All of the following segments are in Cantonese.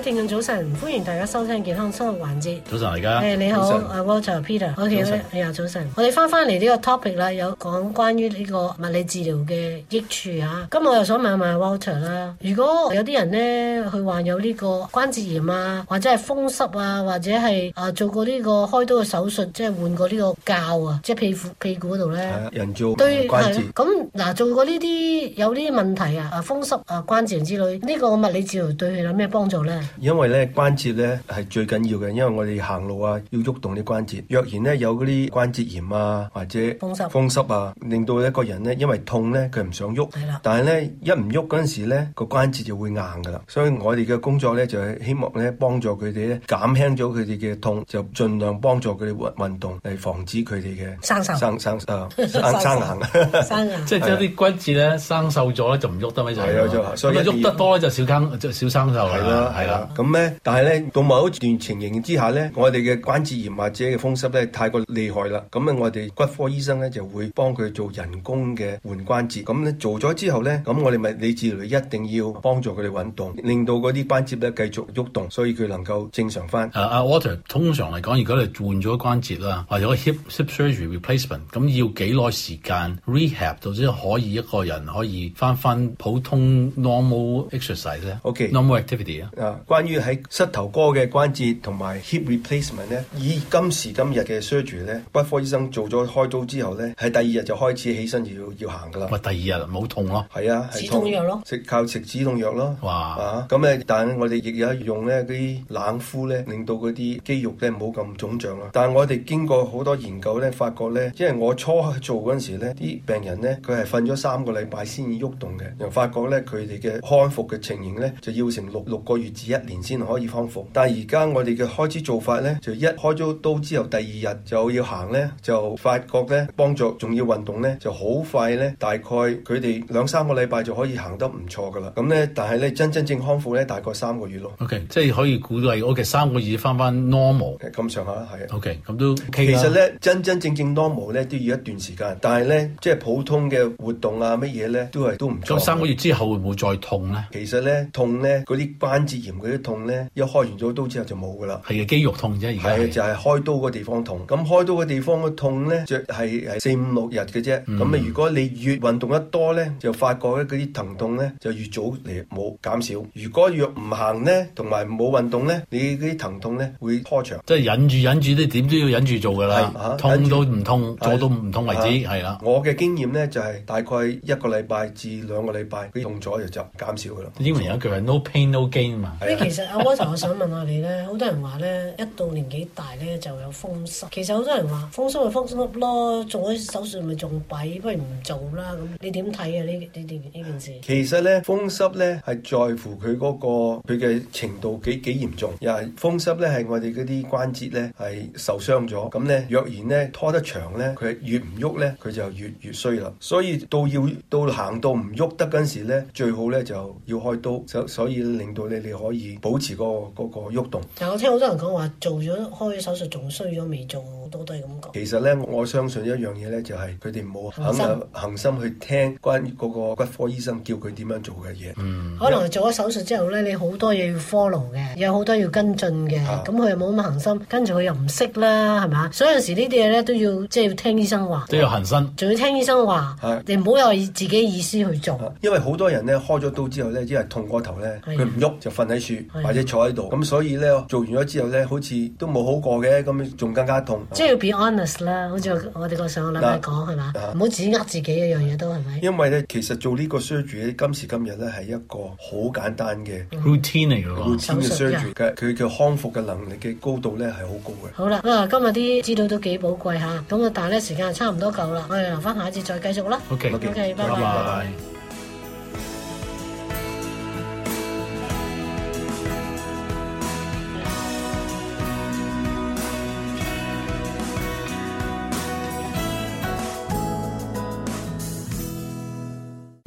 聽眾早晨，歡迎大家收聽健康生活環節。早晨，而家誒，你好，阿 Walter Peter，早晨，哎呀，早晨，我哋翻翻嚟呢個 topic 啦，有講關於呢個物理治療嘅益處吓。咁我又想問一問 Walter 啦，如果有啲人咧，佢患有呢個關節炎啊，或者係風濕啊，或者係啊做過呢個開刀嘅手術，即係換過呢個臼啊，即係屁股屁股嗰度咧，人造對。係咁嗱，做過呢啲有呢啲問題啊，啊風濕啊關節炎之類，呢個物理治療對佢有咩幫助咧？因為咧關節咧係最緊要嘅，因為我哋行路啊要喐動啲關節。若然咧有嗰啲關節炎啊，或者風濕風濕啊，令到一個人咧因為痛咧佢唔想喐。係啦了。但係咧一唔喐嗰陣時咧個關節就會硬㗎喇。所以我哋嘅工作咧就係、是、希望咧幫助佢哋咧減輕咗佢哋嘅痛，就盡量幫助佢哋運運動嚟防止佢哋嘅生生瘦生生啊、生生，生硬。即係將啲關節咧生銹咗咧就唔喐得咪就係。咁啊喐得多就少生就少生銹，係啦咁咧、 啊，但係咧到某一段情形之下咧，我哋嘅關節炎或者嘅風濕咧太過厲害啦，咁咧我哋骨科醫生咧就會幫佢做人工嘅換關節。咁咧做咗之後咧，咁我哋物理治療一定要幫助佢哋運動，令到嗰啲關節咧繼續喐動，所以佢能夠正常翻。啊，阿、uh, Walter 通常嚟講，如果你換咗關節啦，或者個 hip surgery replacement，咁要幾耐時間 rehab，導致可以一個人可以翻翻普通 normal exercise 咧？OK，normal Okay. activity 啊。Uh, 關於喺膝頭哥嘅關節同埋 hip replacement 以今時今日嘅 surgery 咧，骨科醫生做咗開刀之後咧，喺第二日就開始起身要要行噶啦。第二日唔好痛咯？係啊，是痛止痛藥咯，食靠食止痛藥咯咁哇、啊、但我哋亦有用啲冷敷呢，令到嗰啲肌肉咧冇咁腫脹。但我哋經過好多研究咧，發覺呢，因為我初做嗰時咧，啲病人呢，佢係瞓咗三個禮拜先至喐動嘅，又發覺呢，佢哋嘅康復嘅情形呢，就要成六六個月之一年先可以康復，但係而家我哋嘅開始做法咧，就一開咗刀之後，第二日就要行咧，就發覺咧幫助，仲要運動咧，就好快咧，大概佢哋兩三個禮拜就可以行得唔錯噶啦。咁咧，但係咧真真正正康復咧，大概三個月咯。OK，即係可以估計，OK 三個月翻翻 normal 咁上下啦，係、嗯。OK，咁都可以其實咧真真正正 normal 咧都要一段時間，但係咧即係普通嘅活動啊乜嘢咧都係都唔錯。咁三個月之後會唔會再痛咧？其實咧痛咧嗰啲關節炎。佢啲痛咧，一開完咗刀之後就冇噶啦。係啊，肌肉痛啫，而家係就係、是、開刀個地方痛。咁開刀個地方個痛咧，就係係四五六日嘅啫。咁啊、嗯，如果你越運動得多咧，就發覺咧嗰啲疼痛咧就越早嚟冇減少。如果越唔行咧，同埋冇運動咧，你啲疼痛咧會拖長。即係忍住忍住，你點都要忍住做噶啦。啊、痛到唔痛，做到唔痛為止，係啦。我嘅經驗咧就係、是、大概一個禮拜至兩個禮拜，啲痛咗就就減少噶啦。英文有一句係 no pain no gain 嘛、啊。咁 其實啊，威頭，我想問下你呢，好多人話呢，一到年紀大呢就有風濕。其實好多人話風濕咪風濕咯，做咗手術咪仲弊，不如唔做啦。咁你點睇啊？呢呢呢呢件事？其實呢，風濕呢係在乎佢嗰、嗰個佢嘅程度幾幾嚴重。又係風濕呢係我哋嗰啲關節呢係受傷咗。咁呢，若然呢拖得長呢，佢越唔喐呢，佢就越越衰啦。所以到要到行到唔喐得嗰陣時咧，最好呢就要開刀。所以，所以令到你哋可以。以保持個個喐動，但我聽好多人講話，做咗開手術仲衰咗未做。都其實咧，我相信一樣嘢咧，就係佢哋冇肯有恒心去聽關於嗰個骨科醫生叫佢點樣做嘅嘢。嗯，可能做咗手術之後咧，你好多嘢要 follow 嘅，有好多要跟進嘅。咁佢是的 又冇咁恒心，跟住佢又唔識啦，係咪？所以有時呢啲嘢咧都要即係聽醫生話，都要恒心，仲要聽醫生話。你唔好有自己意思去做。是的 因為好多人咧開咗刀之後咧，因為痛過頭咧，佢唔喐就瞓喺樹或者坐喺度，咁是的 所以咧做完咗之後咧，好似都冇好過嘅，咁仲更加痛。即係要 be honest 啦，好似我哋個上個禮拜講係嘛，唔好自己呃自己一樣嘢都係咪？啊、吧因為咧，其實做呢個 surge 咧，今時今日咧係一個好簡單嘅、嗯、routine 嚟嘅 surge 嘅，佢嘅康復嘅能力嘅高度咧係好高嘅。好啦，啊今日啲資料都幾寶貴嚇，咁啊但係咧時間係差唔多夠啦，我哋留翻下一節再繼續啦。OK，OK，bye bye。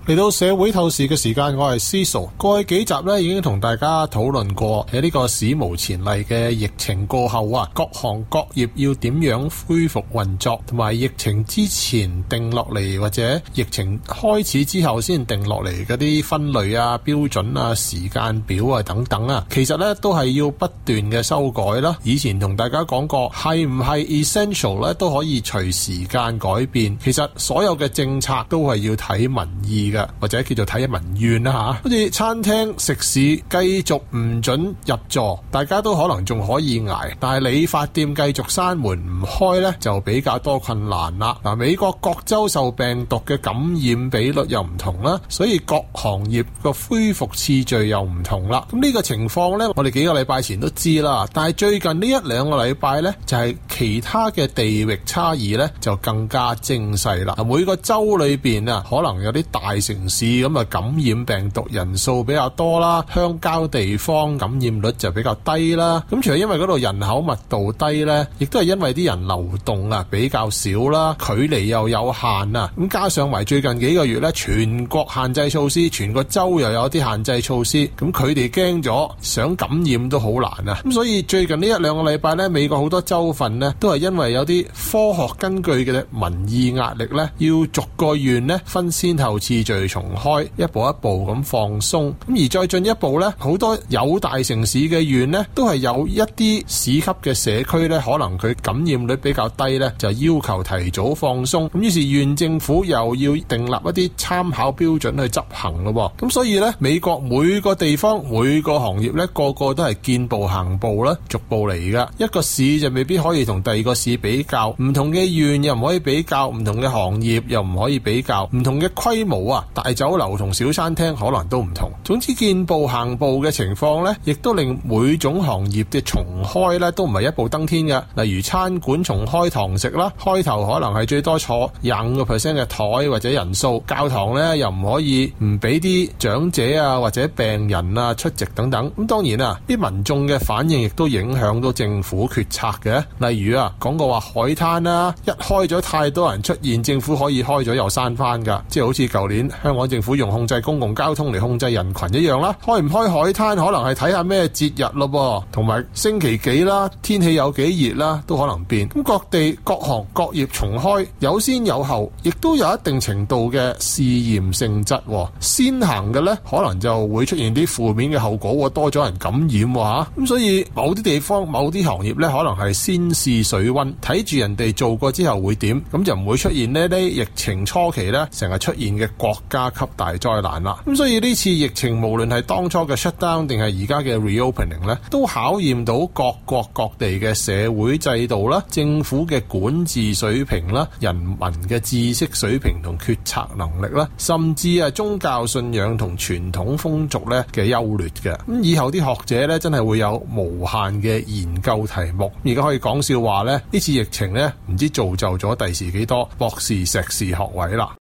嚟到社會透視嘅時間，我係 c i s 過去幾集咧已經同大家討論過喺呢個史無前例嘅疫情過後啊，各行各業要點樣恢復運作，同埋疫情之前定落嚟或者疫情開始之後先定落嚟嗰啲分類啊、標準啊、時間表啊等等啊，其實咧都係要不斷嘅修改啦。以前同大家講過，係唔係 essential 咧都可以隨時間改變。其實所有嘅政策都係要睇民意嘅。或者叫做睇一民怨啦吓，好、啊、似餐廳食肆繼續唔准入座，大家都可能仲可以捱，但係理髮店繼續閂門唔開咧，就比較多困難啦。嗱，美國各州受病毒嘅感染比率又唔同啦，所以各行業個恢復次序又唔同啦。咁、這、呢個情況咧，我哋幾個禮拜前都知啦，但係最近呢一兩個禮拜咧，就係、是、其他嘅地域差異咧，就更加精細啦。每個州裏邊啊，可能有啲大。城市，咁啊感染病毒人數比較多啦，鄉郊地方感染率就比較低啦。咁除係因為嗰度人口密度低呢，亦都係因為啲人流動啊比較少啦，距離又有限啊。咁加上埋最近幾個月呢，全國限制措施，全個州又有啲限制措施，咁佢哋驚咗，想感染都好難啊。咁所以最近呢一兩個禮拜呢，美國好多州份呢，都係因為有啲科學根據嘅民意壓力呢，要逐個縣呢分先後次序。再重開，一步一步咁放鬆，咁而再進一步呢，好多有大城市嘅縣呢，都係有一啲市級嘅社區呢，可能佢感染率比較低呢，就是、要求提早放鬆。咁於是縣政府又要訂立一啲參考標準去執行咯。咁所以呢，美國每個地方每個行業呢，個個都係見步行步啦，逐步嚟噶。一個市就未必可以同第二個市比較，唔同嘅縣又唔可以比較，唔同嘅行業又唔可以比較，唔同嘅規模啊。大酒樓同小餐廳可能都唔同，總之見步行步嘅情況呢，亦都令每種行業嘅重開呢，都唔係一步登天嘅。例如餐館重開堂食啦，開頭可能係最多坐廿五個 percent 嘅枱或者人數；教堂呢，又唔可以唔俾啲長者啊或者病人啊出席等等。咁當然啦，啲民眾嘅反應亦都影響到政府決策嘅。例如啊，講過話海灘啦，一開咗太多人出現，政府可以開咗又閂返㗎，即係好似舊年。香港政府用控制公共交通嚟控制人群一樣啦，開唔開海灘可能係睇下咩節日咯，同埋星期幾啦，天氣有幾熱啦，都可能變。咁各地各行各業重開有先有後，亦都有一定程度嘅試驗性質。先行嘅咧，可能就會出現啲負面嘅後果，多咗人感染吓。咁所以某啲地方、某啲行業咧，可能係先試水溫，睇住人哋做過之後會點，咁就唔會出現呢啲疫情初期咧成日出現嘅國加級大災難啦！咁所以呢次疫情，無論係當初嘅 shut down 定係而家嘅 reopening 呢，ening，都考驗到各國各地嘅社會制度啦、政府嘅管治水平啦、人民嘅知識水平同決策能力啦，甚至啊宗教信仰同傳統風俗呢嘅優劣嘅。咁以後啲學者呢，真係會有無限嘅研究題目。而家可以講笑話呢，呢次疫情呢，唔知造就咗第時幾多博士、碩士學位啦。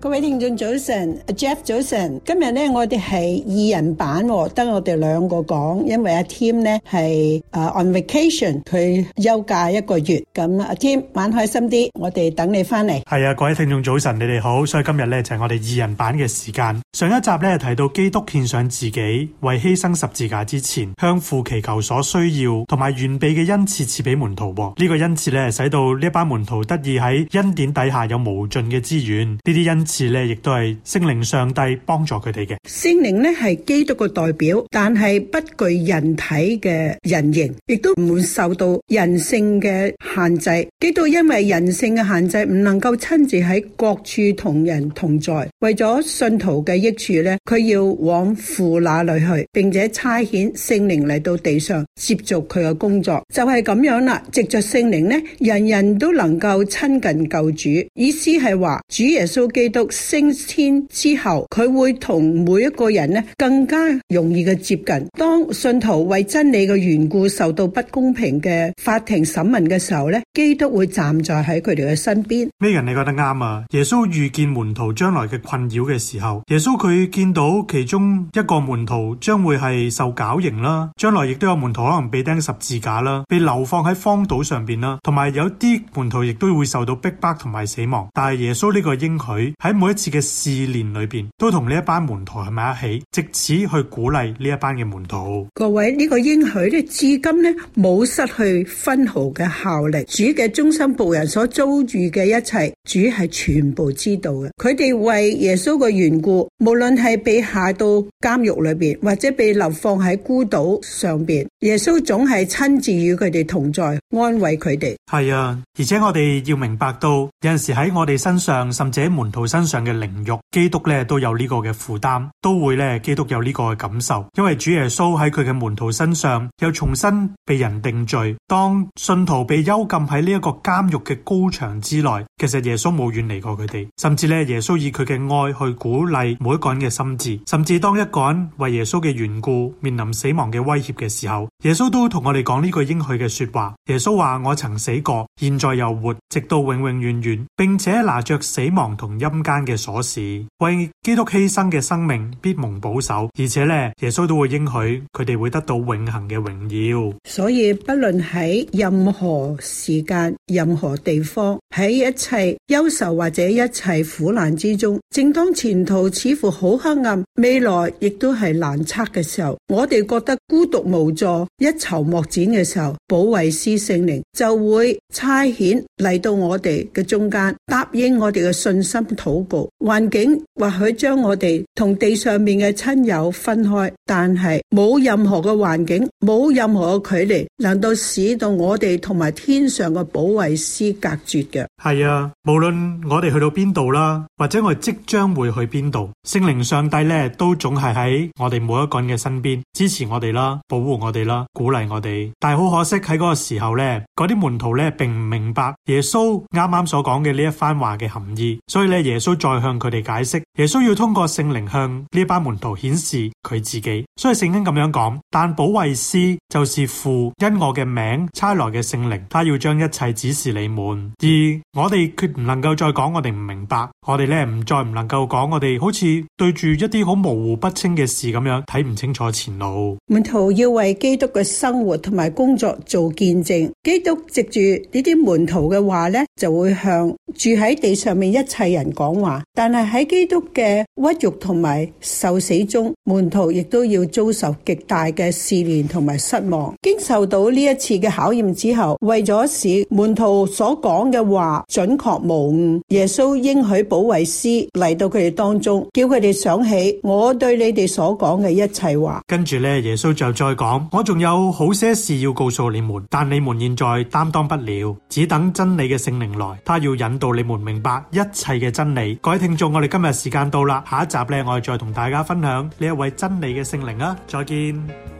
各位聽眾早晨，Jeff 早晨，今日咧我哋係二人版、哦，得我哋兩個講，因為阿 Tim 咧係誒 on vacation，佢休假一個月，咁阿 Tim 玩開心啲，我哋等你翻嚟。係啊，各位聽眾早晨，你哋好，所以今日咧就係、是、我哋二人版嘅時間。上一集咧提到基督獻上自己為犧牲十字架之前，向父祈求所需要，同埋完備嘅恩賜賜俾門徒，呢、這個恩賜咧使到呢一班門徒得以喺恩典底下有無盡嘅資源，呢啲恩。亦都係聖靈上帝幫助佢哋嘅。聖靈呢係基督嘅代表，但係不具人體嘅人形，亦都唔會受到人性嘅限制。基督因為人性嘅限制，唔能夠親自喺各處同人同在。為咗信徒嘅益處呢，佢要往父那裏去，並且差遣聖靈嚟到地上，接續佢嘅工作。就係咁樣啦。藉着聖靈呢，人人都能夠親近救主。意思係話，主耶穌基督。升天之後，佢會同每一個人咧更加容易嘅接近。當信徒為真理嘅緣故受到不公平嘅法庭審問嘅時候咧，基督會站在喺佢哋嘅身邊。咩人你覺得啱啊？耶穌遇見門徒將來嘅困擾嘅時候，耶穌佢見到其中一個門徒將會係受絞刑啦，將來亦都有門徒可能被釘十字架啦，被流放喺荒島上邊啦，同埋有啲門徒亦都會受到逼迫同埋死亡。但係耶穌呢個應許喺。喺每一次嘅試煉裏邊，都同呢一班門徒喺埋一起，直此去鼓勵呢一班嘅門徒。各位呢、呢個應許咧，至今咧冇失去分毫嘅效力。主嘅忠心僕人所遭遇嘅一切，主係全部知道嘅。佢哋為耶穌嘅緣故，無論係被下到監獄裏邊，或者被流放喺孤島上邊，耶穌總係親自與佢哋同在，安慰佢哋。係啊，而且我哋要明白到，有陣時喺我哋身上，甚至喺門徒身上。身上嘅凌辱，基督咧都有呢個嘅負擔，都會咧基督有呢個嘅感受，因為主耶穌喺佢嘅門徒身上又重新被人定罪，當信徒被幽禁喺呢一個監獄嘅高牆之內，其實耶穌冇遠離過佢哋，甚至咧耶穌以佢嘅愛去鼓勵每一個人嘅心智，甚至當一個人為耶穌嘅緣故面臨死亡嘅威脅嘅時候，耶穌都同我哋講呢句應許嘅說話。耶穌話：我曾死過，現在又活，直到永永遠遠，並且拿着死亡同陰間間嘅瑣事，為基督犧牲嘅生命必蒙保守，而且咧耶穌都會應許佢哋會得到永恒嘅榮耀。所以不論喺任何時間、任何地方、喺一切憂愁或者一切苦難之中，正當前途似乎好黑暗、未來亦都係難測嘅時候，我哋覺得孤獨無助、一籌莫展嘅時候，保惠師聖靈就會差遣嚟到我哋嘅中間，答應我哋嘅信心討。環境或許將我哋同地上面嘅親友分開，但係冇任何嘅環境，冇任何嘅距離，能夠使到我哋同埋天上嘅保衛師隔絕嘅。係啊，無論我哋去到邊度啦，或者我哋即將會去邊度，聖靈上帝咧都總係喺我哋每一個人嘅身邊，支持我哋啦，保護我哋啦，鼓勵我哋。但係好可惜喺嗰個時候咧，嗰啲門徒咧並唔明白耶穌啱啱所講嘅呢一番話嘅含義，所以咧耶穌都再向佢哋解釋，耶穌要通過聖靈向呢班門徒顯示。佢自己，所以聖經咁樣講，但保惠師就是父，因我嘅名差來嘅聖靈，他要將一切指示你們。而我哋決唔能夠再講我哋唔明白，我哋咧唔再唔能夠講我哋好似對住一啲好模糊不清嘅事咁樣睇唔清楚前路。門徒要為基督嘅生活同埋工作做見證，基督藉住呢啲門徒嘅話咧，就會向住喺地上面一切人講話。但係喺基督嘅屈辱同埋受死中，門徒。亦都要遭受極大嘅試煉同埋失望，經受到呢一次嘅考驗之後，為咗使門徒所講嘅話準確無誤，耶穌應許保衛師嚟到佢哋當中，叫佢哋想起我對你哋所講嘅一切話。跟住呢，耶穌就再講：我仲有好些事要告訴你們，但你們現在擔當不了，只等真理嘅聖靈來，他要引導你們明白一切嘅真理。各位聽眾，我哋今日時間到啦，下一集呢，我哋再同大家分享呢一位真。你嘅聖靈啊！再見。